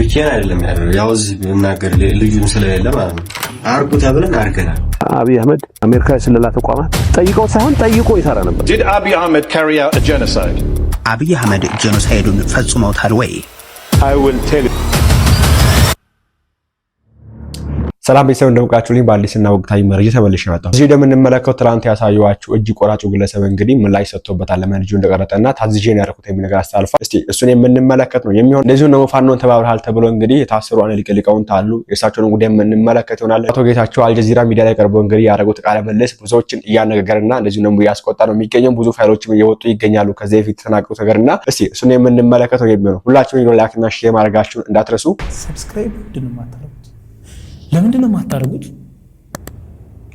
ብቻዬን አይደለም ያለው ያው እዚህ የምናገር ልጁም ስለሌለ ማለት ነው። አርጉ ተብለን አርገናል። አብይ አህመድ አሜሪካ የስለላ ተቋማት ጠይቀው ሳይሆን ጠይቆ ይሰራ ነበር። ዲድ አብይ አህመድ ካሪ አውት አብይ አህመድ ጀኖሳይዱን ፈጽመውታል ወይ? ሰላም ቤተሰብ እንደምቃችሁልኝ በአዲስና ወቅታዊ መረጃ ተመልሼ መጣሁ። እዚህ እንደምንመለከተው ትናንት ያሳየኋችሁ እጅ ቆራጩ ግለሰብ እንግዲህ ምላሽ ሰጥቶበታል። ለመንጁ እንደቀረጠና ታዝዤ ነው ያደረኩት የሚል ነገር አስተላልፏል። እስቲ እሱን የምንመለከት ነው የሚሆን። እንደዚሁም ደግሞ ፋኖን ተባብረሃል ተብሎ እንግዲህ የታሰሩ አንድ ሊቀ ሊቃውንት አሉ። የእርሳቸውን ጉዳይ የምንመለከት ይሆናል። አቶ ጌታቸው አልጀዚራ ሚዲያ ላይ ቀርቦ እንግዲህ ያደረጉት ቃለ መልስ ብዙዎችን እያነጋገርና እንደዚሁም ደግሞ እያስቆጣ ነው የሚገኘው። ብዙ ፋይሎችም እየወጡ ይገኛሉ ከዚህ በፊት የተናገሩት ነገርና እስቲ እሱን የምንመለከት ነው የሚሆነው። ሁላችሁም ላይክና ሼር ማድረጋችሁን እንዳትረሱ። ሰብስክራይብ ለምንድን ነው የማታደርጉት?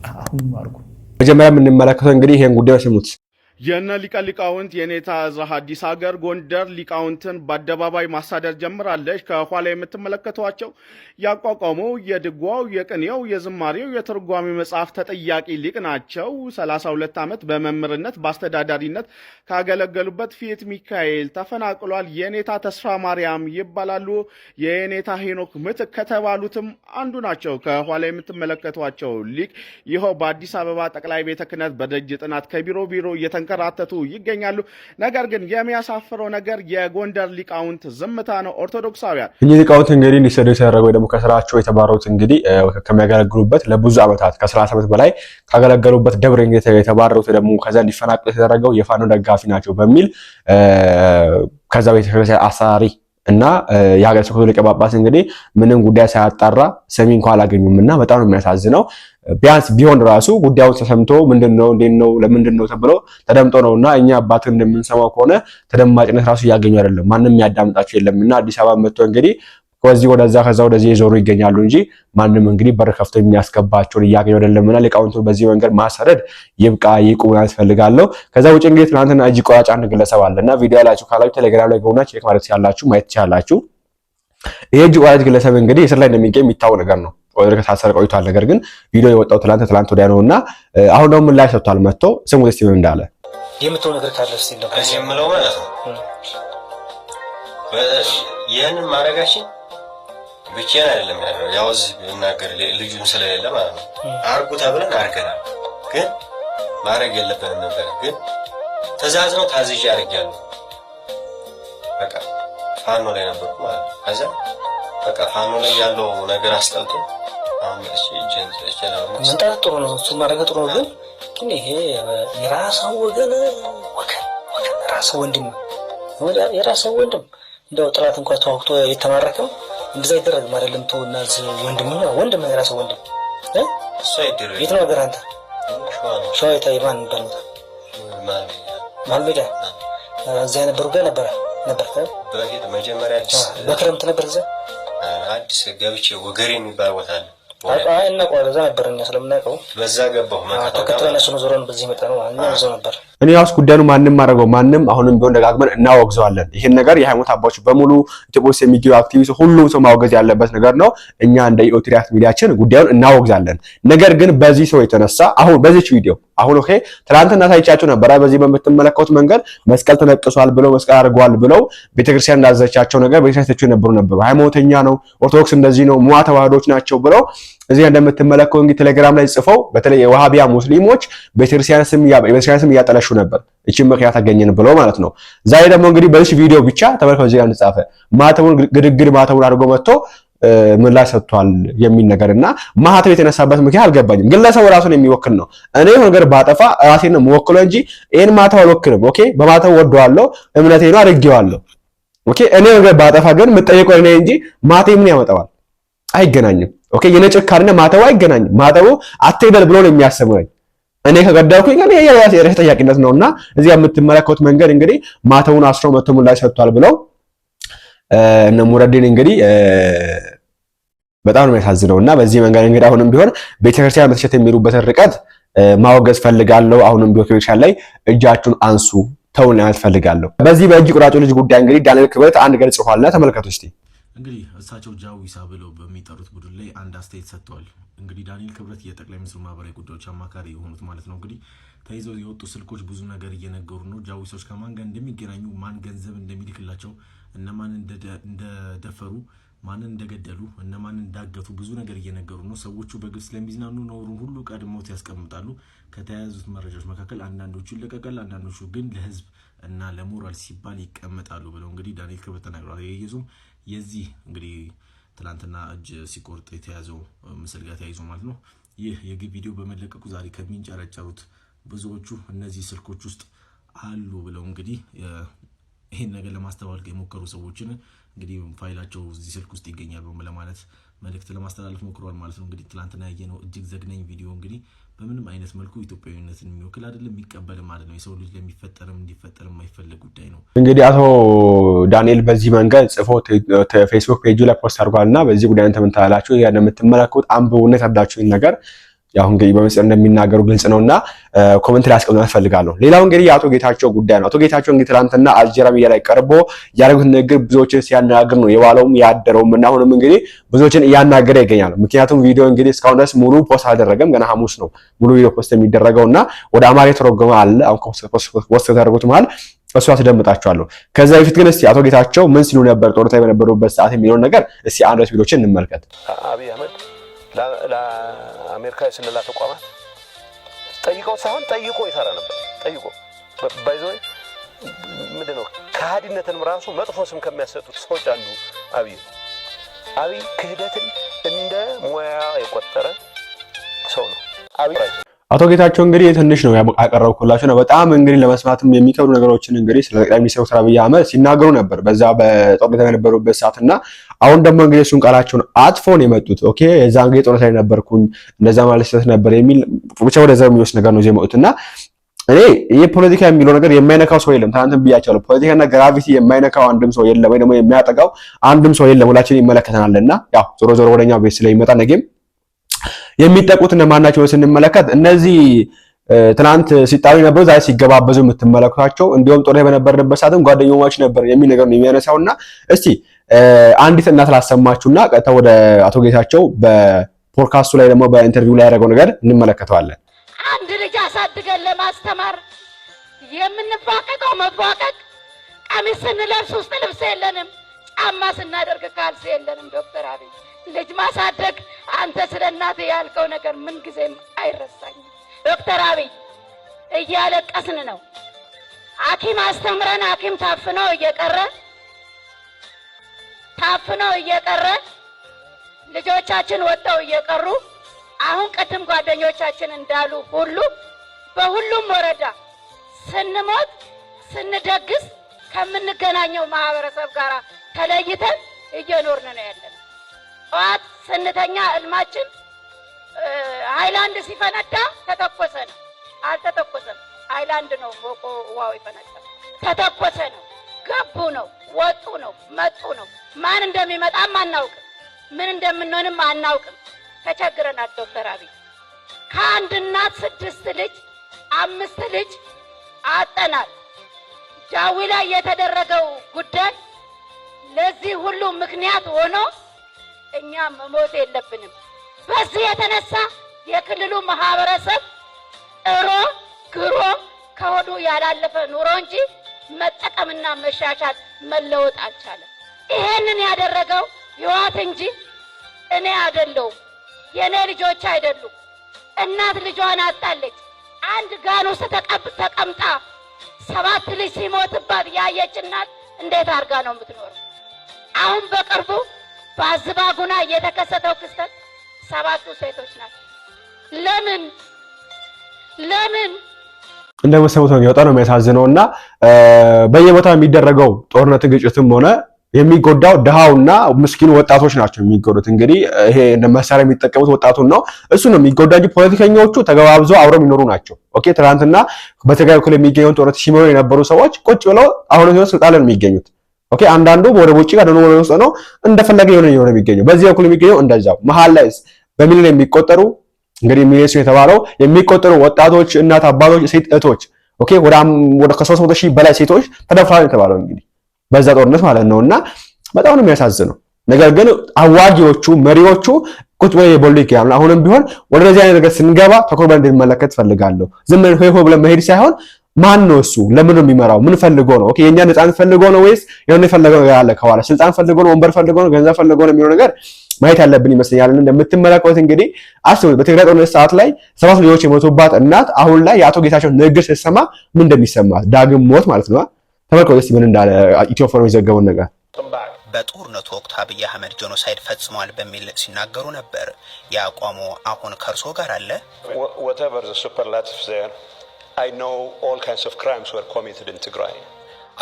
አሁን አድርጉ። መጀመሪያ የምንመለከተው እንግዲህ ይህን ጉዳይ ስሙት። የነ ሊቀ ሊቃውንት የኔታ ዕዝራ አዲስ ሀገር ጎንደር ሊቃውንትን በአደባባይ ማሳደር ጀምራለች። ከኋላ የምትመለከቷቸው ያቋቋመው የድጓው፣ የቅኔው፣ የዝማሬው፣ የትርጓሚ መጽሐፍ ተጠያቂ ሊቅ ናቸው። 32 ዓመት በመምህርነት በአስተዳዳሪነት ካገለገሉበት ፊት ሚካኤል ተፈናቅሏል። የኔታ ተስፋ ማርያም ይባላሉ። የኔታ ሄኖክ ምትክ ከተባሉትም አንዱ ናቸው። ከኋላ የምትመለከቷቸው ሊቅ ይኸው በአዲስ አበባ ጠቅላይ ቤተ ክህነት በደጅ ጥናት ከቢሮ ቢሮ እየተን ሲንከራተቱ ይገኛሉ። ነገር ግን የሚያሳፍረው ነገር የጎንደር ሊቃውንት ዝምታ ነው። ኦርቶዶክሳውያን እኚህ ሊቃውንት እንግዲህ እንዲሰደዱ ያደረገው ደግሞ ከስራቸው የተባረሩት እንግዲህ ከሚያገለግሉበት ለብዙ ዓመታት ከሰላሳ ዓመት በላይ ካገለገሉበት ደብር የተባረሩት ደግሞ ከዛ እንዲፈናቅሉ የተደረገው የፋኖ ደጋፊ ናቸው በሚል ከዛ ቤተክርስቲያን አሳሪ እና የሀገረ ስብከቱ ሊቀ ጳጳስ እንግዲህ ምንም ጉዳይ ሳያጣራ ሰሚ እንኳ አላገኙም እና በጣም ነው የሚያሳዝነው። ቢያንስ ቢሆን ራሱ ጉዳዩን ተሰምቶ ምንድነው እንዴት ነው ለምንድን ነው ተብሎ ተደምጦ ነው እና እኛ አባትን እንደምንሰማው ከሆነ ተደማጭነት ራሱ እያገኙ አይደለም። ማንም የሚያዳምጣቸው የለም እና አዲስ አበባ መጥቶ እንግዲህ ከዚህ ወደዛ ከዛ ወደዚህ የዞሩ ይገኛሉ እንጂ ማንም እንግዲህ በር ከፍቶ የሚያስገባቸውን እያገኙ አይደለምና ሊቃውንቱን በዚህ መንገድ ማሰረድ ይብቃ ይቁም ማለት ከዛ ውጭ እንግዲህ ትናንትና እጅ ቆራጭ አንድ ግለሰብ አለና ቪዲዮ ያላችሁ ካላችሁ ቴሌግራም ላይ ገቡና ቼክ ማድረግ ያላችሁ ማየት ትችላላችሁ። ይህ እጅ ቆራጭ ግለሰብ እንግዲህ እስር ላይ እንደሚገኝ የሚታወቅ ነገር ነው። ወደ ከታሰረ ቆይቷል። ነገር ግን ቪዲዮ የወጣው ትላንት ትላንት ወዲያ ነው እና አሁን ደግሞ ምላሽ ሰጥቷል። መጥቶ ስሙ ደስ ይበል እንዳለ የምትሆን ነገር ካለ እስቲ እንደው እዚህ የምለው ማለት ነው ይህንን ማድረጋችን ብቻዬን አይደለም ያለው ያው እዚህ ብናገር ልጁም ስለሌለ ማለት ነው። አርጉ ተብለን አርገናል፣ ግን ማድረግ የለብንም ነበር። ግን ትእዛዝ ነው፣ ታዝዤ አድርጌያለሁ። በቃ ፋኖ ላይ ነበርኩ ማለት ነው። ከዛ በቃ ፋኖ ላይ ያለው ነገር አስጠልቶ አሁን ጥሩ ነው፣ እሱ ማድረግ ጥሩ ነው። ግን ግን ይሄ የራሰው ወገን ወገን ወገን ራሰው ወንድም የራሰው ወንድም እንደው ጥላት እንኳ ተዋግቶ የተማረከው እንደዛ አይደረግም አይደለም። ተውና ወንድም ወንድም የራስህ ወንድም የት ነው ሀገር? አንተ ሸዋ የታየ ማን ነበር? ማልሜዳ እዚያ የነበሩ ጋር ነበረ ነበር በክረምት ነበር እዚያ አዲስ ገብቼ ወገሬ የሚባል ቦታ እኔ ያውስ ጉዳዩ ማንም አደረገው ማንም አሁንም ቢሆን ደጋግመን እናወግዘዋለን። ይህን ነገር የሃይማኖት አባቶች በሙሉ ኢትዮጵያ ውስጥ የሚገኙ አክቲቪስ ሁሉም ሰው ማወገዝ ያለበት ነገር ነው። እኛ እንደ ኢኦትሪያክት ሚዲያችን ጉዳዩን እናወግዛለን። ነገር ግን በዚህ ሰው የተነሳ አሁን በዚች ቪዲዮ አሁን ኦኬ ትናንትና ታይቻችሁ ነበረ። በዚህ በምትመለከቱት መንገድ መስቀል ተነቅሷል ብለው መስቀል አድርገዋል ብለው ቤተክርስቲያን እንዳዘቻቸው ነገር ቤተክርስቲያን ተቹ የነበሩ ነበሩ። ሃይማኖተኛ ነው፣ ኦርቶዶክስ እንደዚህ ነው፣ ሙዋ ተዋህዶች ናቸው ብለው እዚህ እንደምትመለከቱ እንግዲህ ቴሌግራም ላይ ጽፈው በተለይ የዋሃቢያ ሙስሊሞች ቤተክርስቲያን ስም ቤተክርስቲያን ስም እያጠለሹ ነበር። እቺ ምክንያት አገኘን ብለው ማለት ነው። ዛሬ ደግሞ እንግዲህ በዚህ ቪዲዮ ብቻ ተመልከው፣ እዚህ ጋር ጻፈ ማተቡን ግድግድ ማተቡን አድርጎ መጥቶ ምላሽ ሰጥቷል የሚል ነገር እና ማህተብ የተነሳበት ምክንያት አልገባኝም። ግለሰቡ ራሱን የሚወክል ነው። እኔ የሆነ ነገር ባጠፋ ራሴን ነው የምወክለው እንጂ ይህን ማህተብ አልወክልም። ኦኬ፣ በማህተብ ወደዋለሁ፣ እምነቴ ነው፣ አድርጌዋለሁ። ኦኬ፣ እኔ የሆነ ነገር ባጠፋ ግን የምጠየቀው እኔ እንጂ ማህተብ ምን ያመጣዋል? አይገናኝም። ኦኬ፣ የነጭ ጭካኔና ማህተቡ አይገናኝም። ማህተቡ አትግደል ብሎ ነው የሚያስበኝ። እኔ ከገደልኩኝ እኔ የራሴ ተጠያቂነት ነውና እዚህ የምትመለከቱት መንገድ እንግዲህ ማተውን አስሮ መቶ ምላሽ ሰጥቷል ብለው እነ ሙረዲን እንግዲህ በጣም ነው የሚያሳዝነው እና በዚህ መንገድ እንግዲህ አሁንም ቢሆን ቤተክርስቲያን በተሸት የሚሄዱበትን ርቀት ማወገዝ ፈልጋለሁ። አሁንም ቢሆን ከቤተክርስቲያን ላይ እጃችሁን አንሱ ተውን ለማለት ፈልጋለሁ። በዚህ በእጅ ቁራጩ ልጅ ጉዳይ እንግዲህ ዳንኤል ክብረት አንድ ገጽ ጽፏልና ተመልከቱ እስቲ። እንግዲህ እሳቸው ጃዊሳ ብለው በሚጠሩት ቡድን ላይ አንድ አስተያየት ሰጥተዋል። እንግዲህ ዳንኤል ክብረት የጠቅላይ ሚኒስትሩ ማህበራዊ ጉዳዮች አማካሪ የሆኑት ማለት ነው። እንግዲህ ተይዘው የወጡ ስልኮች ብዙ ነገር እየነገሩ ነው። ጃዊሳዎች ከማን ጋር እንደሚገናኙ ማን ገንዘብ እንደሚልክላቸው እነማን እንደደፈሩ ማንን እንደገደሉ እነማን እንዳገቱ ብዙ ነገር እየነገሩ ነው። ሰዎቹ በግብ ስለሚዝናኑ ነውሩን ሁሉ ቀድሞት ያስቀምጣሉ። ከተያያዙት መረጃዎች መካከል አንዳንዶቹ ይለቀቃል፣ አንዳንዶቹ ግን ለህዝብ እና ለሞራል ሲባል ይቀመጣሉ ብለው እንግዲህ ዳንኤል ክብረት ተናግረዋል። የየዙም የዚህ እንግዲህ ትላንትና እጅ ሲቆርጥ የተያዘው ምስል ጋር ተያይዞ ማለት ነው። ይህ የግብ ቪዲዮ በመለቀቁ ዛሬ ከሚንጨረጨሩት ብዙዎቹ እነዚህ ስልኮች ውስጥ አሉ ብለው እንግዲህ ይህን ነገር ለማስተባበል የሞከሩ ሰዎችን እንግዲህ ፋይላቸው እዚህ ስልክ ውስጥ ይገኛል ለማለት መልእክት ለማስተላለፍ ሞክሯል ማለት ነው። እንግዲህ ትላንትና ያየነው እጅግ ዘግናኝ ቪዲዮ እንግዲህ በምንም አይነት መልኩ ኢትዮጵያዊነትን የሚወክል አይደለም፣ የሚቀበል ማለት ነው። የሰው ልጅ ለሚፈጠርም እንዲፈጠር የማይፈልግ ጉዳይ ነው። እንግዲህ አቶ ዳንኤል በዚህ መንገድ ጽፎ ፌስቡክ ፔጁ ላይ ፖስት አድርጓል እና በዚህ ጉዳይ ተምንታላችሁ ያ የምትመለከቱት አንብቡነት ነገር ያው እንግዲህ በምስጢር እንደሚናገሩ ግልጽ ነውና ኮመንት ላይ አስቀምጠን እንፈልጋለሁ። ሌላው እንግዲህ የአቶ ጌታቸው ጉዳይ ነው። አቶ ጌታቸው እንግዲህ ትናንትና አልጀራ ሚዲያ ላይ ቀርቦ ያደረጉት ንግግር ብዙዎችን ሲያናግር ነው የዋለውም ያደረውም እና አሁንም እንግዲህ ብዙዎችን እያናገረ ይገኛል። ምክንያቱም ቪዲዮ እንግዲህ እስካሁን ድረስ ሙሉ ፖስት አልደረገም። ገና ሐሙስ ነው ሙሉ ቪዲዮ ፖስት የሚደረገውና ወደ አማሪ የተረጎመ አለ። አሁን ፖስት ከተደረጉት መሃል እሱ አስደምጣችኋለሁ። ከዛ በፊት ግን እስቲ አቶ ጌታቸው ምን ሲሉ ነበር ጦርታ በነበሩበት ሰዓት የሚለውን ነገር እስቲ አንድ ሁለት ቪዲዮችን እንመልከት። አብይ አህመድ ለአሜሪካ የስለላ ተቋማት ጠይቀው ሳይሆን ጠይቆ ይሰራ ነበር። ጠይቆ ባይዞ ምንድን ነው ከሃዲነትንም ራሱ መጥፎ ስም ከሚያሰጡት ሰዎች አንዱ አብይ አብይ ክህደትን እንደ ሙያ የቆጠረ ሰው ነው አብይ። አቶ ጌታቸው እንግዲህ ትንሽ ነው ያቀረብኩላቸው ነው። በጣም እንግዲህ ለመስማትም የሚከብዱ ነገሮችን እንግዲህ ስለ ጠቅላይ ሚኒስትር ዶክተር አብይ አህመድ ሲናገሩ ነበር በዛ በጦርነት በነበሩበት ሰዓትና አሁን ደግሞ እንግዲህ እሱን ቃላቸውን አጥፎን የመጡት ኦኬ፣ የዛን ጊዜ ጦርነት ላይ ነበርኩኝ እንደዛ ማለት ስህተት ነበር የሚል ብቻ ወደ ወደዛ የሚወስድ ነገር ነው የመጡት እና እኔ ይህ ፖለቲካ የሚለው ነገር የማይነካው ሰው የለም። ትናንትም ብያቸዋለሁ። ፖለቲካና ግራቪቲ የማይነካው አንድም ሰው የለም፣ ወይ ደግሞ የሚያጠቃው አንድም ሰው የለም። ሁላችን ይመለከተናልና ያው ዞሮ ዞሮ ወደኛ ቤት ስለሚመጣ ነገም የሚጠቁት እነማናቸውን ስንመለከት እነዚህ ትናንት ሲጣሉ የነበሩ ዛሬ ሲገባበዙ የምትመለከቷቸው እንዲሁም ጦር በነበርንበት ሰዓትም ጓደኛሞች ነበር የሚል ነገር ነው የሚያነሳውና እስቲ አንዲት እናት ላሰማችሁና ቀጥታ ወደ አቶ ጌታቸው በፖድካስቱ ላይ ደግሞ በኢንተርቪው ላይ ያደረገው ነገር እንመለከተዋለን። አንድ ልጅ አሳድገን ለማስተማር የምንባቀቀው መባቀቅ ቀሚስ ስንለብስ ውስጥ ልብስ የለንም፣ ጫማ ስናደርግ ካልስ የለንም። ዶክተር አብይ ልጅ ማሳደግ አንተ ስለ እናት ያልከው ነገር ምን ጊዜም አይረሳኝም። ዶክተር አብይ እያለቀስን ነው። ሐኪም አስተምረን ሐኪም ታፍነው እየቀረ ታፍነው እየቀረ ልጆቻችን ወጥተው እየቀሩ አሁን ቅድም ጓደኞቻችን እንዳሉ ሁሉ በሁሉም ወረዳ ስንሞት ስንደግስ ከምንገናኘው ማህበረሰብ ጋር ተለይተን እየኖርን ነው ያለን። ጠዋት ስንተኛ እልማችን ሃይላንድ ሲፈነዳ ተተኮሰ ነው። አልተተኮሰም፣ ሃይላንድ ነው ሞቆ ውሃው ይፈነዳ። ተተኮሰ ነው ገቡ ነው ወጡ ነው መጡ ነው። ማን እንደሚመጣም አናውቅም፣ ምን እንደምንሆንም አናውቅም። ተቸግረናል። ዶክተር አብይ ከአንድ እናት ስድስት ልጅ አምስት ልጅ አጠናል። ጃዊ ላይ የተደረገው ጉዳይ ለዚህ ሁሉ ምክንያት ሆኖ እኛ መሞት የለብንም። በዚህ የተነሳ የክልሉ ማህበረሰብ እሮ ግሮ ከሆዱ ያላለፈ ኑሮ እንጂ መጠቀምና መሻሻት መለወጥ አልቻለም። ይሄንን ያደረገው ህወሓት እንጂ እኔ አይደለሁም፣ የእኔ ልጆች አይደሉም። እናት ልጇን አጣለች። አንድ ጋን ውስጥ ተቀምጣ ሰባት ልጅ ሲሞትባት ያየች እናት እንዴት አድርጋ ነው የምትኖረው? አሁን በቅርቡ በአዝባጉና የተከሰተው ክስተት ሰባቱ ሴቶች ናቸው። ለምን ለምን እንደምትሰሙት ነው የሚወጣ ነው የሚያሳዝነው እና በየቦታው የሚደረገው ጦርነት ግጭትም ሆነ የሚጎዳው ድሃውና ምስኪኑ ወጣቶች ናቸው የሚጎዱት። እንግዲህ ይሄ እንደ መሳሪያ የሚጠቀሙት ወጣቱን ነው፣ እሱ ነው የሚጎዳ እንጂ ፖለቲከኞቹ ተገባብዘው አብረው የሚኖሩ ናቸው። ኦኬ ትናንትና በትግራይ በኩል የሚገኘውን ጦርነት ሲመሩ የነበሩ ሰዎች ቁጭ ብለው አሁን ሲሆን ስልጣን ላይ ነው የሚገኙት። ኦኬ አንዳንዱ ወደ ውጭ ጋር ወደ ውስጥ ነው እንደፈለገ የሆነ የሚገኘው፣ በዚህ በኩል የሚገኘው እንደዛው መሀል ላይ በሚሊዮን የሚቆጠሩ እንግዲህ ሚሊዮን የተባለው የሚቆጠሩ ወጣቶች፣ እናት አባቶች፣ ሴት እህቶች ኦኬ ወደ ከሶስት መቶ ሺህ በላይ ሴቶች ተደፍረዋል የተባለው እንግዲህ በዛ ጦርነት ማለት ነው። እና በጣም ነው የሚያሳዝነው። ነገር ግን አዋጊዎቹ መሪዎቹ ቁጭ ብለው የበሉ ይገኛሉ። አሁንም ቢሆን ወደዚህ አይነት ነገር ስንገባ ተኮር ብለን እንድንመለከት ፈልጋለሁ። ዝም ብለን ሆይ ሆይ ብለን መሄድ ሳይሆን ማን ነው እሱ? ለምን ነው የሚመራው? ምን ፈልጎ ነው? ኦኬ የእኛን ነፃነት ፈልጎ ነው ወይስ የሆነ የፈለገው ነገር አለ ከኋላ? ስልጣን ፈልጎ ነው? ወንበር ፈልጎ ነው? ገንዘብ ፈልጎ ነው የሚለው ነገር ማየት ያለብን ይመስለኛል። እንደምትመለከቱት እንግዲህ አስቡት በትግራይ ጦርነት ሰዓት ላይ ሰባት ልጆች የሞቱባት እናት አሁን ላይ የአቶ ጌታቸው ንግግር ስትሰማ ምን እንደሚሰማ ዳግም ሞት ማለት ነው። ተመልከቱ እስኪ ምን እንዳለ ኢትዮ የዘገበውን ነገር በጦርነቱ ወቅት አብይ አህመድ ጄኖሳይድ ፈጽሟል በሚል ሲናገሩ ነበር። የአቋሙ አሁን ከእርሶ ጋር አለ?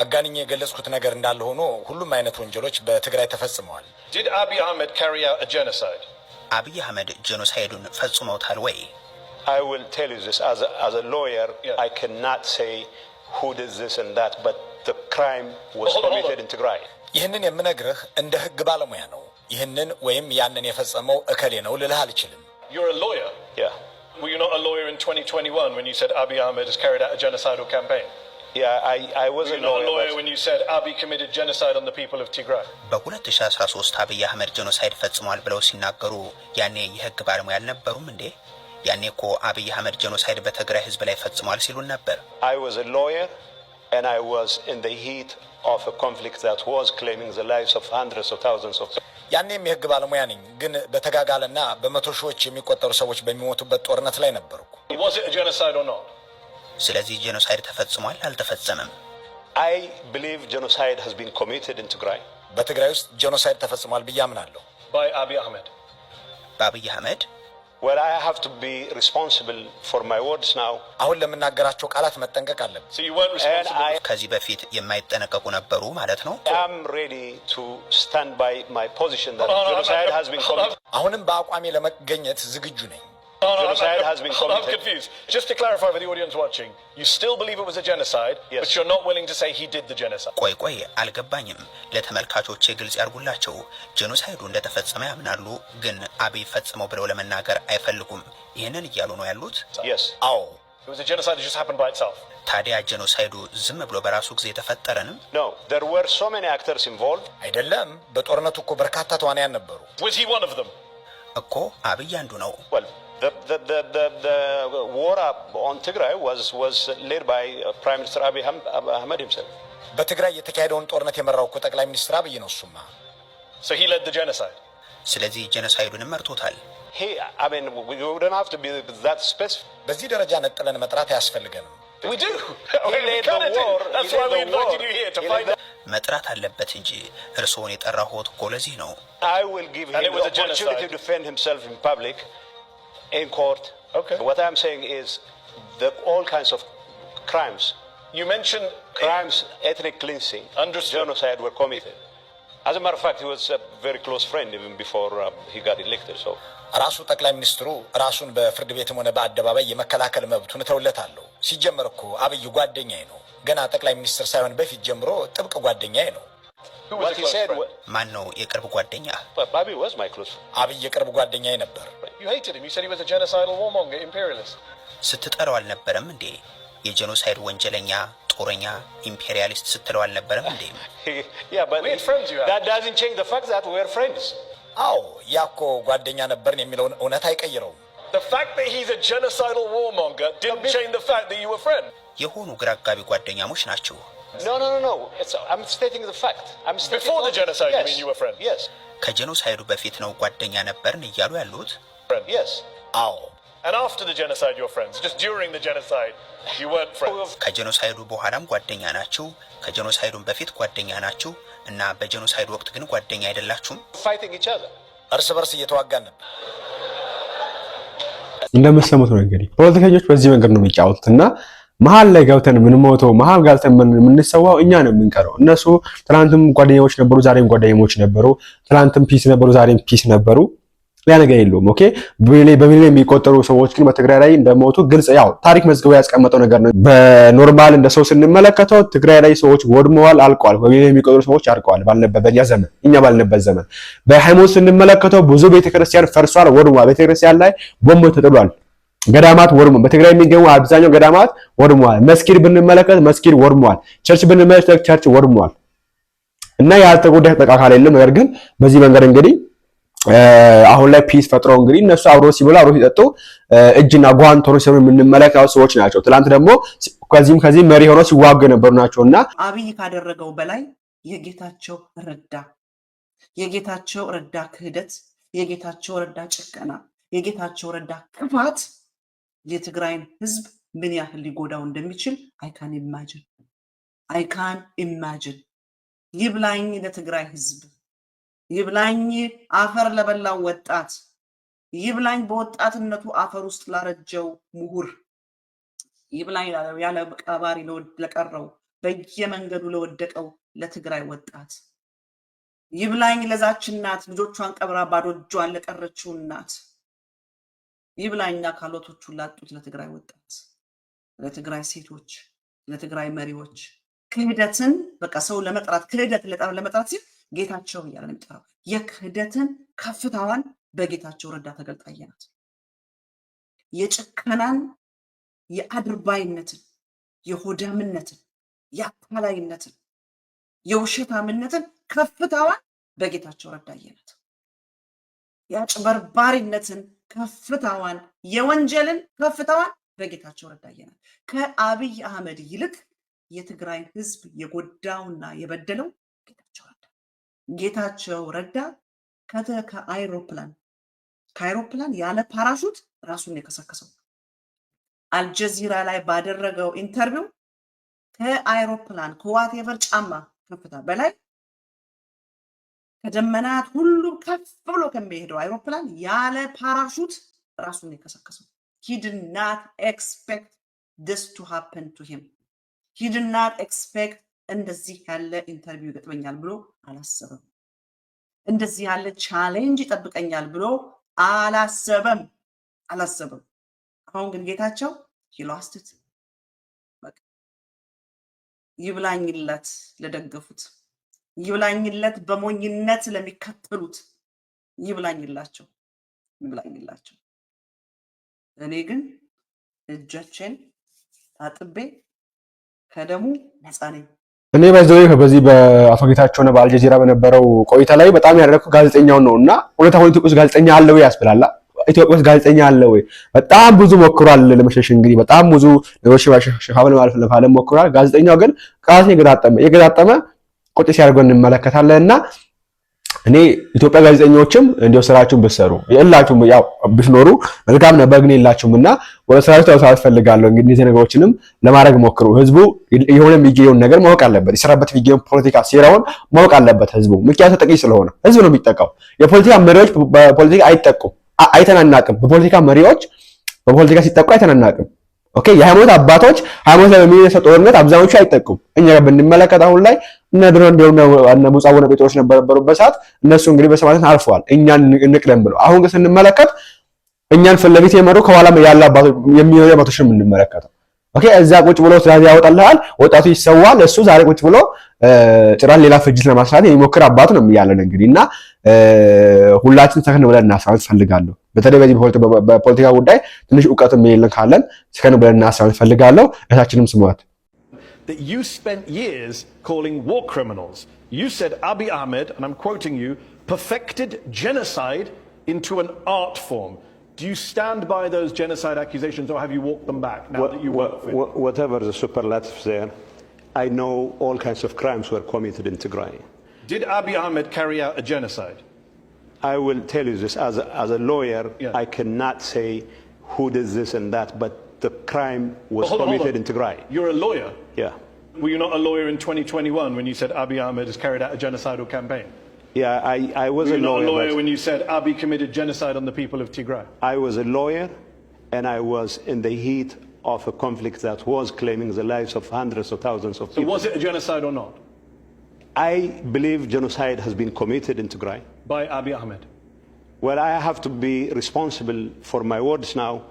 አጋንኝ የገለጽኩት ነገር እንዳለ ሆኖ ሁሉም አይነት ወንጀሎች በትግራይ ተፈጽመዋል። Did Abiy Ahmed carry out a genocide? Abiy Ahmed ጀኖሳይዱን ፈጽመውታል ወይ? I will tell you this as a, as a lawyer, I cannot say who did this and that, but the crime was committed in Tigray. you You're a lawyer? Yeah. Were you not a lawyer in 2021 when you said Abiy Ahmed has carried out a genocidal campaign? Yeah, I, I was a lawyer, but... when you said Abiy committed genocide on the people of Tigray. በ2013 አብይ አህመድ ጄኖሳይድ ፈጽሟል ብለው ሲናገሩ ያኔ የህግ ባለሙያ አልነበሩም እንዴ? ያኔ እኮ አብይ አህመድ ጄኖሳይድ በትግራይ ህዝብ ላይ ፈጽሟል ሲሉን ነበር። I was a lawyer and I was in the heat of a conflict that was claiming the lives of hundreds of thousands of ያኔም የህግ ባለሙያ ነኝ፣ ግን በተጋጋለና በመቶ ሺዎች የሚቆጠሩ ሰዎች በሚሞቱበት ጦርነት ላይ ነበርኩ። ስለዚህ ጄኖሳይድ ተፈጽሟል አልተፈጸመም? አይ ብሊቭ ጄኖሳይድ ሃዝ ቢን ኮሚትድ ኢን ትግራይ። በትግራይ ውስጥ ጄኖሳይድ ተፈጽሟል ብዬ አምናለሁ። ባይ አብይ አህመድ በአብይ አህመድ ወል አይ ሃቭ ቱ ቢ ሪስፖንሲብል ፎር ማይ ወርድስ ናው። አሁን ለምናገራቸው ቃላት መጠንቀቅ አለብን። ከዚህ በፊት የማይጠነቀቁ ነበሩ ማለት ነው። አሁንም በአቋሜ ለመገኘት ዝግጁ ነኝ። No, no, genocide I'm, I'm, has been committed. I'm confused. Just to clarify for the audience watching, you still believe it was a genocide, yes. but you're not willing to say he did the genocide. ቆይ ቆይ አልገባኝም። ለተመልካቾች ግልጽ ያርጉላቸው። ጄኖሳይዱ እንደተፈጸመ ያምናሉ፣ ግን አብይ ፈጽመው ብለው ለመናገር አይፈልጉም። ይህንን እያሉ ነው ያሉት? Yes. አዎ It was a genocide that just happened by itself. ታዲያ ጄኖሳይዱ ዝም ብሎ በራሱ ጊዜ የተፈጠረን? No, there were so many actors involved. አይደለም፣ በጦርነቱ እኮ በርካታ ተዋንያን ነበሩ። Was he one of them? እኮ አብይ አንዱ ነው። Well, The, the, the, the, war up on Tigray was, was led by Prime Minister Abiy Ahmed himself. በትግራይ የተካሄደውን ጦርነት የመራው እኮ ጠቅላይ ሚኒስትር አብይ ነው። እሱማ so he led the genocide. ስለዚህ ጀኖሳይዱንም መርቶታል። he I mean we wouldn't have to be that specific. በዚህ ደረጃ ነጥለን መጥራት አያስፈልገንም። we do. he led the war. that's why we invited you here to find out. መጥራት አለበት እንጂ እርስዎን የጠራሁት እኮ ለዚህ ነው። I will give him the opportunity to defend himself in public. in court. Okay. What I'm saying is the, all kinds of crimes. You mentioned crimes, a- ethnic cleansing, Understood. genocide were committed. As a matter of fact, he was a very close friend even before uh, he got elected. So. ራሱ ጠቅላይ ሚኒስትሩ ራሱን በፍርድ ቤትም ሆነ በአደባባይ የመከላከል መብቱን እተውለታለሁ። ሲጀመር እኮ አብይ ጓደኛዬ ነው። ገና ጠቅላይ ሚኒስትር ሳይሆን በፊት ጀምሮ ጥብቅ ጓደኛዬ ነው። ማን ነው የቅርብ ጓደኛ? አብይ የቅርብ ጓደኛዬ ነበር። ስትጠራው አልነበረም እንዴ? የጄኖሳይድ ወንጀለኛ ጦረኛ ኢምፔሪያሊስት ስትለው አልነበረም እንዴ? አዎ ያ እኮ ጓደኛ ነበርን የሚለውን እውነት አይቀይረውም። የሆኑ ግራ አጋቢ ጓደኛሞች ናቸው። ከጄኖሳይዱ በፊት ነው ጓደኛ ነበርን እያሉ ያሉት። አዎ ከጀኖሳይዱ በኋላም ጓደኛ ናችሁ፣ ከጀኖሳይዱን በፊት ጓደኛ ናችሁ እና በጀኖሳይድ ወቅት ግን ጓደኛ አይደላችሁም። እርስ በርስ እየተዋጋን ነበር። እንደምሰሙት ነው እንግዲህ ፖለቲከኞች በዚህ መንገድ ነው የሚጫወቱት እና መሀል ላይ ገብተን የምንሞተው መሀል ገብተን የምንሰዋው እኛ ነው የምንቀረው። እነሱ ትናንትም ጓደኛሞች ነበሩ፣ ዛሬም ጓደኛሞች ነበሩ። ትናንትም ፒስ ነበሩ፣ ዛሬም ፒስ ነበሩ። ሌላ ነገር የለውም። ኦኬ በሚሊዮን የሚቆጠሩ ሰዎች ግን በትግራይ ላይ እንደሞቱ ግልጽ ያው ታሪክ መዝግቦ ያስቀመጠው ነገር ነው። በኖርማል እንደ ሰው ስንመለከተው ትግራይ ላይ ሰዎች ወድመዋል፣ አልቀዋል። በሚሊዮን የሚቆጠሩ ሰዎች አልቀዋል ባልነበር በእኛ ዘመን እኛ ባልነበት ዘመን። በሃይማኖት ስንመለከተው ብዙ ቤተክርስቲያን ፈርሷል፣ ወድመዋል። ቤተክርስቲያን ላይ ቦምብ ተጥሏል። ገዳማት ወድሞ በትግራይ የሚገኙ አብዛኛው ገዳማት ወድሟል። መስጊድ ብንመለከት መስጊድ ወድሟል። ቸርች ብንመለከት ቸርች ወድሟል። እና ያልተጎዳ አካል የለም። ነገር ግን በዚህ መንገድ እንግዲህ አሁን ላይ ፒስ ፈጥሮ እንግዲህ እነሱ አብሮ ሲበሉ አብሮ ሲጠጡ እጅና ጓንት ሆኖ ሲሰሩ የምንመለከታው ሰዎች ናቸው። ትላንት ደግሞ ከዚህም ከዚህም መሪ ሆኖ ሲዋጉ የነበሩ ናቸው እና አብይ ካደረገው በላይ የጌታቸው ረዳ የጌታቸው ረዳ ክህደት፣ የጌታቸው ረዳ ጭቀና፣ የጌታቸው ረዳ ክፋት የትግራይን ህዝብ ምን ያህል ሊጎዳው እንደሚችል አይካን ኢማጅን አይካን ኢማጅን። ይብላኝ ለትግራይ ህዝብ ይብላኝ አፈር ለበላው ወጣት፣ ይብላኝ በወጣትነቱ አፈር ውስጥ ላረጀው ምሁር፣ ይብላኝ ያለ ቀባሪ ለቀረው በየመንገዱ ለወደቀው ለትግራይ ወጣት፣ ይብላኝ ለዛች እናት ልጆቿን ቀብራ ባዶ እጇን ለቀረችው እናት፣ ይብላኝ ላጡት ለትግራይ ወጣት፣ ለትግራይ ሴቶች፣ ለትግራይ መሪዎች ክህደትን በቃ ሰው ለመጥራት ክህደት ለመጥራት ሲል ጌታቸው እያለ ነው የሚጠራው። የክህደትን ከፍታዋን በጌታቸው ረዳ ተገልጣ አየናት። የጭከናን፣ የአድርባይነትን፣ የሆዳምነትን፣ የአታላይነትን፣ የውሸታምነትን ከፍታዋን በጌታቸው ረዳ አየናት። የአጭበርባሪነትን ከፍታዋን፣ የወንጀልን ከፍታዋን በጌታቸው ረዳ አየናት። ከአብይ አህመድ ይልቅ የትግራይ ህዝብ የጎዳውና የበደለው ጌታቸው ረዳ ከአይሮፕላን ከአይሮፕላን ያለ ፓራሹት ራሱን የከሰከሰው አልጀዚራ ላይ ባደረገው ኢንተርቪው ከአይሮፕላን ከዋቴቨር ጫማ ከፍታ በላይ ከደመናት ሁሉ ከፍ ብሎ ከሚሄደው አይሮፕላን ያለ ፓራሹት ራሱን የከሰከሰው ሂድናት ኤክስፔክት not ቱ ሃፐን ቱ ሂም ሂድናት ኤክስፔክት እንደዚህ ያለ ኢንተርቪው ይገጥመኛል ብሎ አላሰበም። እንደዚህ ያለ ቻሌንጅ ይጠብቀኛል ብሎ አላሰበም አላሰበም። አሁን ግን ጌታቸው ይሏስትት ይብላኝለት ለደገፉት ይብላኝለት በሞኝነት ለሚከተሉት ይብላኝላቸው ይብላኝላቸው። እኔ ግን እጆቼን ታጥቤ ከደሙ ነፃ ነኝ። እኔ ባይዘው በዚህ በአቶ ጌታቸውና በአልጀዚራ በነበረው ቆይታ ላይ በጣም ያደረኩት ጋዜጠኛውን ነው እና አሁን ኢትዮጵያ ውስጥ ጋዜጠኛ አለ ወይ ያስብላላ ኢትዮጵያ ውስጥ ጋዜጠኛ አለ ወይ? በጣም ብዙ ሞክሯል ለመሸሽ እንግዲህ በጣም ብዙ ነገሮች ሽፋን ለማለፍ ለፋለም ሞክሯል። ጋዜጠኛው ግን ቃስ የገጣጠመ የገጣጠመ ቁጭ ሲያደርገው እንመለከታለን እና እኔ ኢትዮጵያ ጋዜጠኞችም እንዲያው ስራችሁን ብትሰሩ የላችሁም ያው ብትኖሩ መልካም ነበር፣ ግን የላችሁም እና ወደ ስራችሁ ተወሳት ፈልጋለሁ። እንግዲህ እነዚህ ነገሮችንም ለማድረግ ሞክሩ። ህዝቡ የሆነ የሚገኘውን ነገር ማወቅ አለበት። የሰራበት የሚገኘውን ፖለቲካ ሴራውን ማወቅ አለበት ህዝቡ። ምክንያቱ ተጠቂ ስለሆነ ህዝብ ነው የሚጠቃው። የፖለቲካ መሪዎች በፖለቲካ አይጠቁም፣ አይተናናቅም። በፖለቲካ መሪዎች በፖለቲካ ሲጠቁ አይተናናቅም። ኦኬ፣ የሃይማኖት አባቶች ሃይማኖት ላይ በሚነሳ ጦርነት አብዛኞቹ አይጠቁም። እኛ ብንመለከት አሁን ላይ እነ ድሮ እንዲሁም እነ ሙጻወነ ጴጥሮስ ነበሩበት ሰዓት እነሱ እንግዲህ በሰማዕትነት አልፈዋል። እኛን እንቅደም ብለው አሁን ግን ስንመለከት እኛን ፊት ለፊት የመሩ ከኋላ ያለ የሚመሩ አባቶች ነው የምንመለከተው። ኦኬ እዛ ቁጭ ብሎ ትእዛዝ ያወጣልሃል፣ ወጣቱ ይሰዋል። እሱ ዛሬ ቁጭ ብሎ ጭራሽ ሌላ ፍጅት ለማስራት የሚሞክር አባት ነው እያለን እንግዲህ እና ሁላችን ሰከን ብለን እናስራ እንፈልጋለሁ። በተለይ በዚህ በፖለቲካ ጉዳይ ትንሽ እውቀትም የለን ካለን ሰከን ብለን እናስራ እንፈልጋለሁ። እታችንም ስሟት that you spent years calling war criminals. You said Abiy Ahmed, and I'm quoting you, perfected genocide into an art form. Do you stand by those genocide accusations or have you walked them back now what, that you work what, Whatever the superlatives there, I know all kinds of crimes were committed in Tigray. Did Abiy Ahmed carry out a genocide? I will tell you this as a, as a lawyer, yeah. I cannot say who did this and that, but the crime was committed on, on. in Tigray. You're a lawyer. Yeah. Were you not a lawyer in 2021 when you said Abiy Ahmed has carried out a genocidal campaign? Yeah, I, I was Were you a lawyer. Not a lawyer when you said Abiy committed genocide on the people of Tigray. I was a lawyer, and I was in the heat of a conflict that was claiming the lives of hundreds of thousands of so people. So was it a genocide or not? I believe genocide has been committed in Tigray. By Abiy Ahmed? Well, I have to be responsible for my words now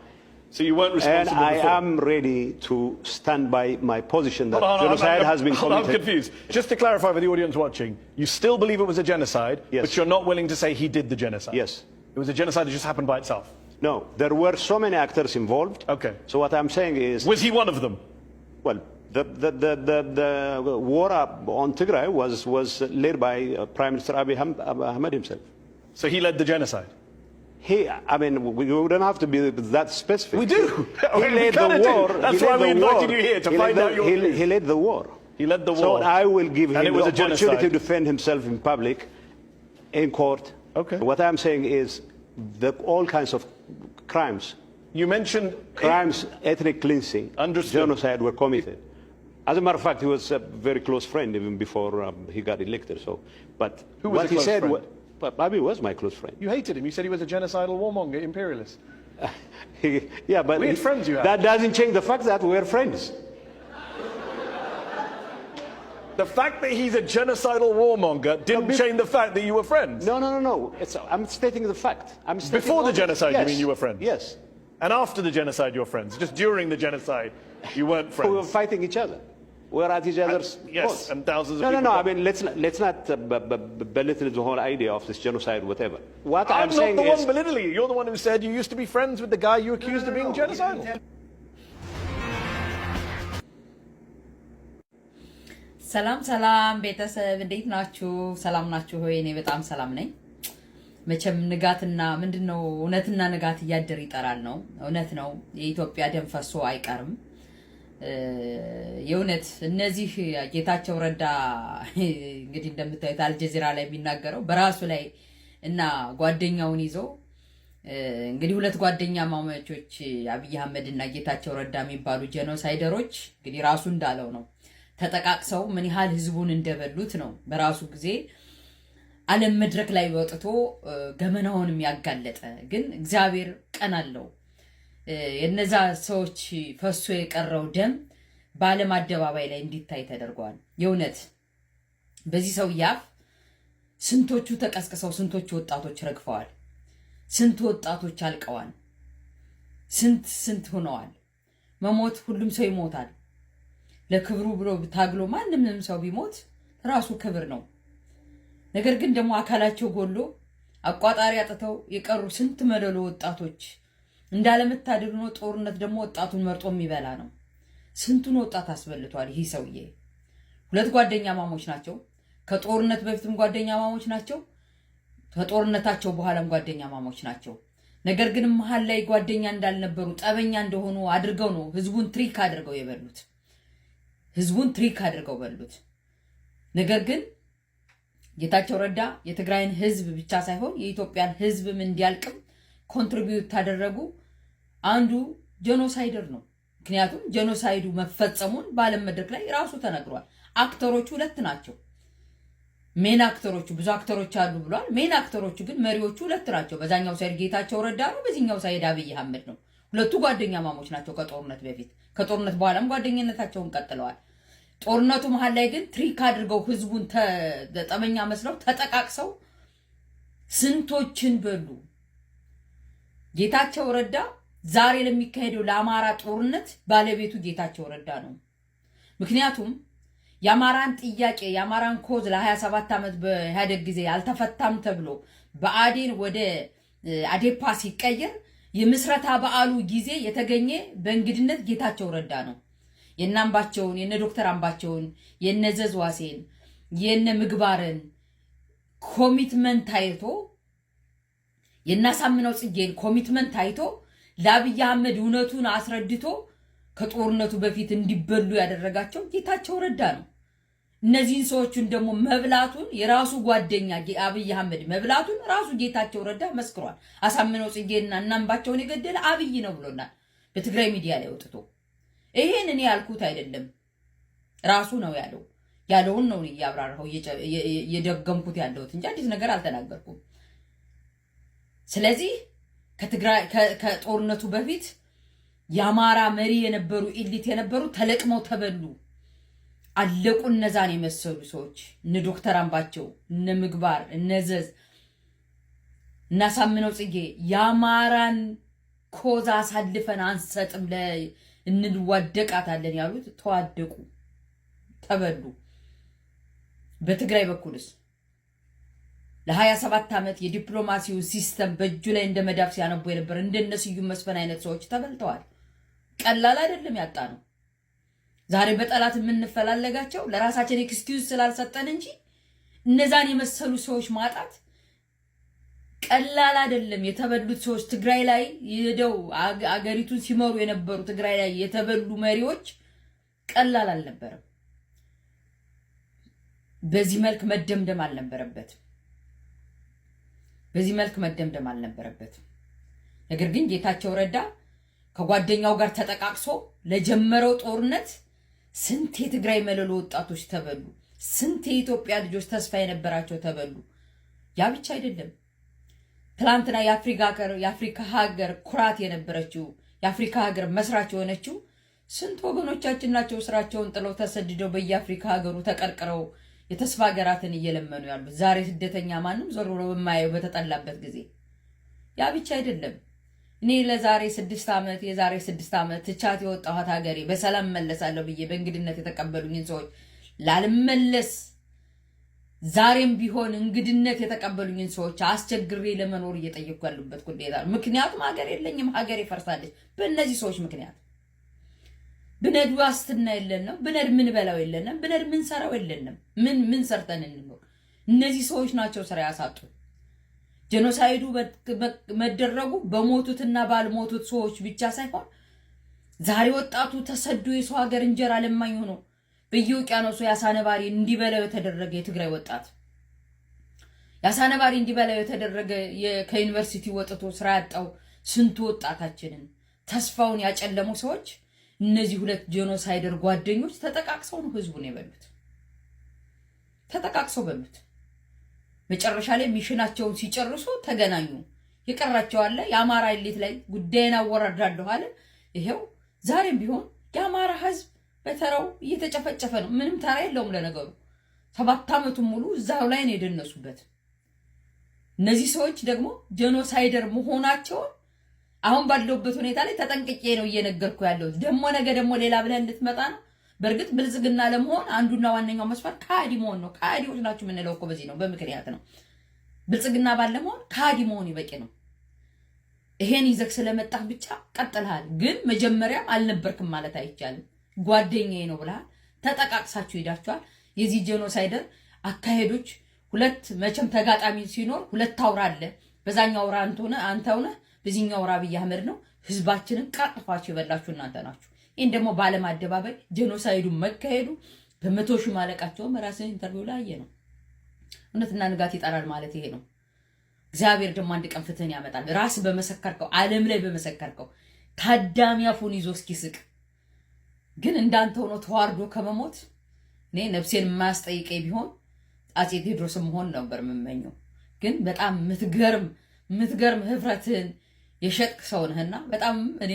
so you weren't responsible. And I before. am ready to stand by my position that on, genocide I'm, has been committed. I'm confused. Just to clarify for the audience watching, you still believe it was a genocide, yes. but you're not willing to say he did the genocide. Yes. It was a genocide that just happened by itself. No, there were so many actors involved. Okay. So what I'm saying is, was he one of them? Well, the, the, the, the, war on Tigray was, was led by uh, Prime Minister Abiy Ahmed himself. So he led the genocide? he, I mean, we do not have to be that specific. We do. He led the war. That's why we invited you here to he find the, out your. He, he, led the war. He led the war. So I will give him was the opportunity genocide. to defend himself in public, in court. Okay. What I'm saying is, the, all kinds of crimes. You mentioned crimes, ethnic cleansing, understood. genocide were committed. As a matter of fact, he was a very close friend even before um, he got elected. So, but what he said. Friend? But Bobby was my close friend. You hated him. You said he was a genocidal warmonger, imperialist. yeah, but we had friends you had. that doesn't change the fact that we're friends. The fact that he's a genocidal warmonger didn't no, change the fact that you were friends. No, no, no, no. It's, I'm stating the fact. I'm stating Before the genocide, yes. you mean you were friends? Yes. And after the genocide, you were friends. Just during the genocide, you weren't friends. we were fighting each other. where at each others? I, yes, and thousands of no, people. No, no, no. I mean, let's not, let's not uh, b- b- belittle the whole idea of this genocide, whatever. What I'm, I'm not saying the one belittling you. You're the one who said you used to be friends with the guy you accused no, no, of being no, genocidal. ሰላም ሰላም ቤተሰብ እንዴት ናችሁ? ሰላም ናችሁ ሆይ? እኔ በጣም ሰላም ነኝ። መቼም ንጋትና ምንድን ነው እውነትና ንጋት እያደር ይጠራል ነው። እውነት ነው የኢትዮጵያ ደም ፈሶ አይቀርም። የእውነት እነዚህ ጌታቸው ረዳ እንግዲህ እንደምታዩት አልጀዚራ ላይ የሚናገረው በራሱ ላይ እና ጓደኛውን ይዞ እንግዲህ ሁለት ጓደኛ ማመቾች አብይ አህመድ እና ጌታቸው ረዳ የሚባሉ ጀኖሳይደሮች እንግዲህ ራሱ እንዳለው ነው ተጠቃቅሰው ምን ያህል ህዝቡን እንደበሉት ነው በራሱ ጊዜ ዓለም መድረክ ላይ ወጥቶ ገመናውን የሚያጋለጠ ግን እግዚአብሔር ቀን አለው። የነዛ ሰዎች ፈሶ የቀረው ደም በዓለም አደባባይ ላይ እንዲታይ ተደርጓል። የእውነት በዚህ ሰው ያፍ ስንቶቹ ተቀስቅሰው፣ ስንቶቹ ወጣቶች ረግፈዋል፣ ስንት ወጣቶች አልቀዋል፣ ስንት ስንት ሆነዋል። መሞት ሁሉም ሰው ይሞታል። ለክብሩ ብሎ ታግሎ ማንም ሰው ቢሞት ራሱ ክብር ነው። ነገር ግን ደግሞ አካላቸው ጎሎ አቋጣሪ አጥተው የቀሩ ስንት መለሎ ወጣቶች እንዳለመታደል ነው። ጦርነት ደግሞ ወጣቱን መርጦ የሚበላ ነው። ስንቱን ወጣት አስበልቷል ይህ ሰውዬ። ሁለት ጓደኛ ማሞች ናቸው። ከጦርነት በፊትም ጓደኛ ማሞች ናቸው። ከጦርነታቸው በኋላም ጓደኛ ማሞች ናቸው። ነገር ግን መሀል ላይ ጓደኛ እንዳልነበሩ ጠበኛ እንደሆኑ አድርገው ነው ህዝቡን ትሪክ አድርገው የበሉት። ህዝቡን ትሪክ አድርገው በሉት። ነገር ግን ጌታቸው ረዳ የትግራይን ህዝብ ብቻ ሳይሆን የኢትዮጵያን ህዝብም እንዲያልቅም ኮንትሪቢዩት ካደረጉ አንዱ ጀኖሳይደር ነው። ምክንያቱም ጀኖሳይዱ መፈጸሙን በዓለም መድረክ ላይ ራሱ ተነግሯል። አክተሮቹ ሁለት ናቸው። ሜን አክተሮቹ ብዙ አክተሮች አሉ ብሏል። ሜን አክተሮቹ ግን መሪዎቹ ሁለት ናቸው። በዛኛው ሳይድ ጌታቸው ረዳ ነው፣ በዚህኛው ሳይድ አብይ አህመድ ነው። ሁለቱ ጓደኛ ማሞች ናቸው። ከጦርነት በፊት ከጦርነት በኋላም ጓደኝነታቸውን ቀጥለዋል። ጦርነቱ መሀል ላይ ግን ትሪክ አድርገው ህዝቡን ጠመኛ መስለው ተጠቃቅሰው ስንቶችን በሉ። ጌታቸው ረዳ ዛሬ ለሚካሄደው ለአማራ ጦርነት ባለቤቱ ጌታቸው ረዳ ነው። ምክንያቱም የአማራን ጥያቄ የአማራን ኮዝ ለ27 ዓመት በኢህአዴግ ጊዜ አልተፈታም ተብሎ በአዴን ወደ አዴፓ ሲቀየር የምስረታ በዓሉ ጊዜ የተገኘ በእንግድነት ጌታቸው ረዳ ነው። የነ አምባቸውን የነ ዶክተር አምባቸውን የነ ዘዝዋሴን የነ ምግባርን ኮሚትመንት ታይቶ የእናሳምነው ጽጌን ኮሚትመንት አይቶ ለአብይ አህመድ እውነቱን አስረድቶ ከጦርነቱ በፊት እንዲበሉ ያደረጋቸው ጌታቸው ረዳ ነው። እነዚህን ሰዎቹን ደግሞ መብላቱን የራሱ ጓደኛ አብይ አህመድ መብላቱን ራሱ ጌታቸው ረዳ መስክሯል። አሳምነው ጽጌና እናምባቸውን የገደለ አብይ ነው ብሎናል በትግራይ ሚዲያ ላይ ወጥቶ። ይሄን እኔ ያልኩት አይደለም ራሱ ነው ያለው። ያለውን ነው እያብራራው እየደገምኩት ያለሁት እንጂ አዲስ ነገር አልተናገርኩም። ስለዚህ ከጦርነቱ በፊት የአማራ መሪ የነበሩ ኢሊት የነበሩ ተለቅመው ተበሉ፣ አለቁ። እነዛን የመሰሉ ሰዎች እነ ዶክተር አምባቸው እነ ምግባር እነ ዘዝ እናሳምነው ጽጌ የአማራን ኮዛ አሳልፈን አንሰጥም እንልዋደቃታለን ያሉት ተዋደቁ፣ ተበሉ። በትግራይ በኩልስ ለ27 ዓመት የዲፕሎማሲው ሲስተም በእጁ ላይ እንደ መዳፍ ሲያነቡ የነበር እንደነ ስዩም መስፈን አይነት ሰዎች ተበልተዋል። ቀላል አይደለም ያጣ ነው። ዛሬ በጠላት የምንፈላለጋቸው ለራሳችን ኤክስኪውዝ ስላልሰጠን እንጂ እነዛን የመሰሉ ሰዎች ማጣት ቀላል አይደለም። የተበሉት ሰዎች ትግራይ ላይ ሄደው አገሪቱን ሲመሩ የነበሩ ትግራይ ላይ የተበሉ መሪዎች ቀላል አልነበረም። በዚህ መልክ መደምደም አልነበረበትም። በዚህ መልክ መደምደም አልነበረበትም። ነገር ግን ጌታቸው ረዳ ከጓደኛው ጋር ተጠቃቅሶ ለጀመረው ጦርነት ስንት የትግራይ መለሎ ወጣቶች ተበሉ፣ ስንት የኢትዮጵያ ልጆች ተስፋ የነበራቸው ተበሉ። ያ ብቻ አይደለም። ትላንትና የአፍሪካ ሀገር ኩራት የነበረችው የአፍሪካ ሀገር መስራች የሆነችው ስንት ወገኖቻችን ናቸው ስራቸውን ጥለው ተሰድደው በየአፍሪካ ሀገሩ ተቀርቅረው የተስፋ ሀገራትን እየለመኑ ያሉት። ዛሬ ስደተኛ ማንም ዞር ብሎ በተጠላበት ጊዜ ያ ብቻ አይደለም። እኔ ለዛሬ ስድስት ዓመት የዛሬ ስድስት ዓመት ትቻት የወጣኋት ሀገሬ በሰላም መለሳለሁ ብዬ በእንግድነት የተቀበሉኝን ሰዎች ላልመለስ ዛሬም ቢሆን እንግድነት የተቀበሉኝን ሰዎች አስቸግሬ ለመኖር እየጠየኩ ያሉበት ጉዳይ። ምክንያቱም ሀገር የለኝም፣ ሀገር ይፈርሳለች በእነዚህ ሰዎች ምክንያት ብነድ ዋስትና የለንም። ብነድ ምንበላው የለንም። ብነድ ሰራው የለንም። ምን ምን ሰርተን እንኖር? እነዚህ ሰዎች ናቸው ስራ ያሳጡ። ጀኖሳይዱ መደረጉ በሞቱትና ባልሞቱት ሰዎች ብቻ ሳይሆን ዛሬ ወጣቱ ተሰዶ የሰው ሀገር እንጀራ ለማኝ ሆኖ በየውቅያኖሱ የአሳ ነባሪ እንዲበላው የተደረገ የትግራይ ወጣት የአሳነባሪ እንዲበላው የተደረገ ከዩኒቨርሲቲ ወጥቶ ስራ ያጣው ስንቱ ወጣታችንን ተስፋውን ያጨለሙ ሰዎች እነዚህ ሁለት ጄኖሳይደር ጓደኞች ተጠቃቅሰው ነው ህዝቡን የበሉት። ተጠቃቅሰው በሉት። መጨረሻ ላይ ሚሽናቸውን ሲጨርሱ ተገናኙ። የቀራቸው አለ የአማራ ሌት ላይ ጉዳይን አወራዳለሁ አለ። ይሄው ዛሬም ቢሆን የአማራ ህዝብ በተራው እየተጨፈጨፈ ነው። ምንም ተራ የለውም። ለነገሩ ሰባት ዓመቱን ሙሉ እዛው ላይ ነው የደነሱበት። እነዚህ ሰዎች ደግሞ ጄኖሳይደር መሆናቸውን አሁን ባለውበት ሁኔታ ላይ ተጠንቅቄ ነው እየነገርኩ ያለሁት። ደግሞ ነገ ደግሞ ሌላ ብለህ እንድትመጣ ነው። በእርግጥ ብልጽግና ለመሆን አንዱና ዋነኛው መስፈርት ከሃዲ መሆን ነው። ከሃዲዎች ናቸው የምንለው እኮ በዚህ ነው፣ በምክንያት ነው። ብልጽግና ባለመሆን ከሃዲ መሆን ይበቂ ነው። ይሄን ይዘህ ስለመጣህ ብቻ ቀጥልሃል። ግን መጀመሪያም አልነበርክም ማለት አይቻልም። ጓደኛዬ ነው ብለሃል። ተጠቃቅሳችሁ ሄዳችኋል። የዚህ ጄኖሳይደር አካሄዶች ሁለት መቼም ተጋጣሚ ሲኖር ሁለት አውራ አለ። በዛኛው አውራ አንተ ሆነ በዚህኛው ራብ አህመድ ነው። ህዝባችንን ቀጥፋችሁ የበላችሁ እናንተ ናችሁ። ይህን ደግሞ በዓለም አደባባይ ጄኖሳይዱ መካሄዱ በመቶ ሺህ ማለቃቸውም ራስህ ኢንተርቪው ላይ አየህ ነው። እውነትና ንጋት ይጠራል ማለት ይሄ ነው። እግዚአብሔር ደግሞ አንድ ቀን ፍትህን ያመጣል። ራስ በመሰከርከው ዓለም ላይ በመሰከርከው ታዳሚ አፉን ይዞ እስኪስቅ ግን እንዳንተ ሆኖ ተዋርዶ ከመሞት እኔ ነፍሴን የማያስጠይቀኝ ቢሆን አፄ ቴዎድሮስ መሆን ነበር የምመኘው። ግን በጣም ምትገርም ምትገርም ህፍረትን የሸጥክ ሰው ነህና በጣም እኔ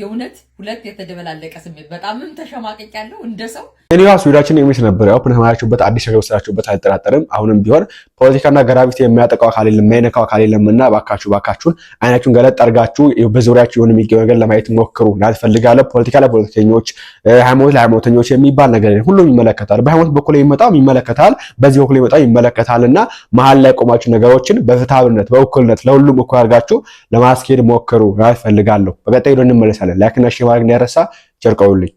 የእውነት ሁለት የተደበላለቀ ስሜት በጣምም ተሸማቀቅ ያለው እንደ ሰው እኔ ራሱ ሄዳችን የሚስ ነበር ያው ፕንማያችሁበት አዲስ ነገር ወስዳችሁበት አልጠራጠርም። አሁንም ቢሆን ፖለቲካና ገራቢት የሚያጠቃው አካል የለም የሚያነካው አካል የለም እና እባካችሁ እባካችሁን አይናችሁን ገለጥ አድርጋችሁ በዙሪያችሁ የሆነ የሚገኝ ነገር ለማየት ሞክሩ። ናትፈልጋለ ፖለቲካ ለፖለቲከኞች፣ ሃይማኖት ለሃይማኖተኞች የሚባል ነገር ሁሉም ይመለከታል። በሃይማኖት በኩል የሚመጣውም ይመለከታል፣ በዚህ በኩል የሚመጣው ይመለከታል እና መሀል ላይ ቆማችሁ ነገሮችን በፍትሃብነት በእኩልነት ለሁሉም እኩል አድርጋችሁ ለማስኬድ ሞክሩ። ናትፈልጋለሁ በቀጣይ እንመለሳለን ላይክና ማድረግ እንዳይረሳ ቸር